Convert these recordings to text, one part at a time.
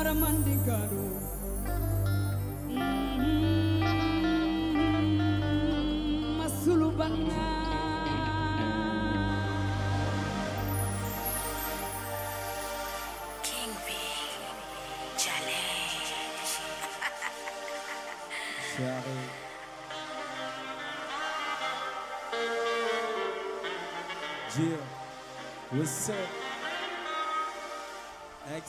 aramandigado masulubanga King B Challenge Soirée Yeah, what's up? X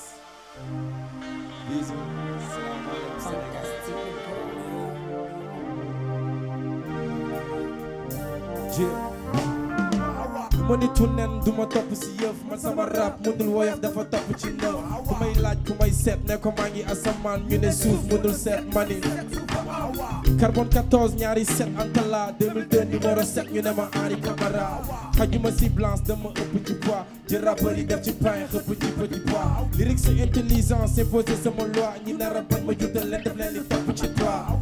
Bisous. Yeah. ma ni tunen duma topp si yëf man sama rap mënul woyof dafa topp ci nëf ku laaj ku may seet ne ko maa ngi asamaan ñu ne suuf mënul seet ma ni carbone 14 set Ankala numéro 7 ñu ne ma Henri Camara xajuma si dama ëpp ci poids di rappeur yi def ci pain xëpp ci petit poids lyrique sa intelligence imposé sama loi ñi na rappal ma juutal leen def leen li topp ci toi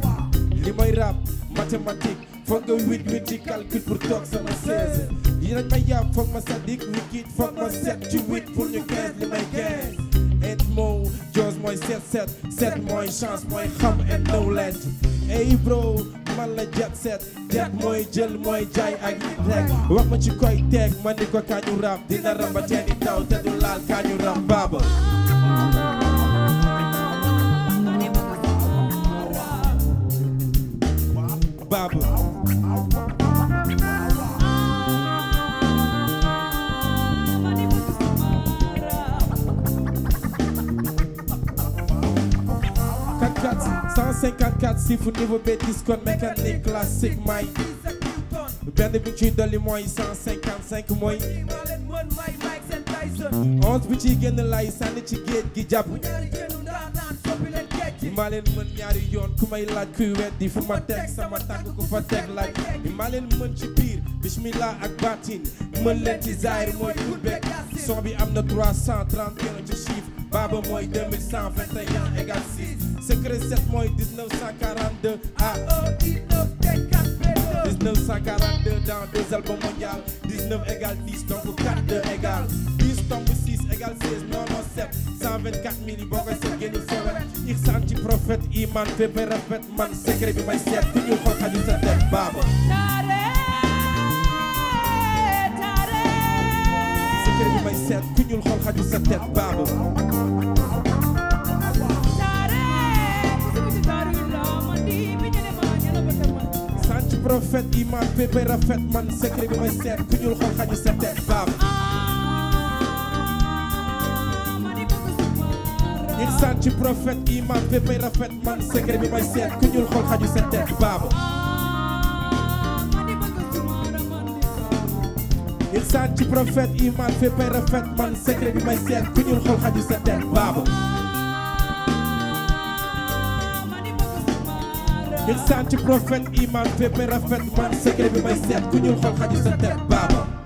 li may rap mathématique foog nga huit huit ci calcul pour toog sama 16 yi nañ ma yàpp foog ma sadik wikit foog ma set ci huit pour ñu 15 li may 15 et moo mooy set set set mooy chance mooy xam et ey bro man la jet set jet mooy jël mooy jaay ak rek wax ma ci koy teg man ni ko kañu rap dina ramba taw te du laal kañu rap 154 chiffres niveau bétis kon mécanique classique may benn bi ciy dolli mooy 155 mooy 11 bi ciy gi jàpp maa leen mën ñaari yoon ku may laaj kuy weddi fu ma teg sama tànk ku fa teg laaj maa leen mën ci biir bismillah ak baatin mën leen ci zaahir mooy turbek son bi am na 331 ci chiffre baaba mooy secret 7 mooy 1942 ah 1942 dans deux albums mondial 19 égale 10 donc 4 2 égale 10 tombe 6 égale 16 non non 7 124 000 boo koy seet génn sewet ixsaan ci prophète iman fépp rafet man secret bi may seet fi ñu xool xaju sa tête baaba secret bi may seet fi ñu xool xaju sa tête baaba prophète imam bébé rafet man secret bi may seet ku sa teg baam insaan rafet man secret bi may seet ku ñuul xool xañu sa teg baam insaan ci prophète imam bébé rafet bi may seet ku ñuul ngir sant ci prophète iman fépp rafet man secret bi may seet ku ñuul xol xaju sa teb baaba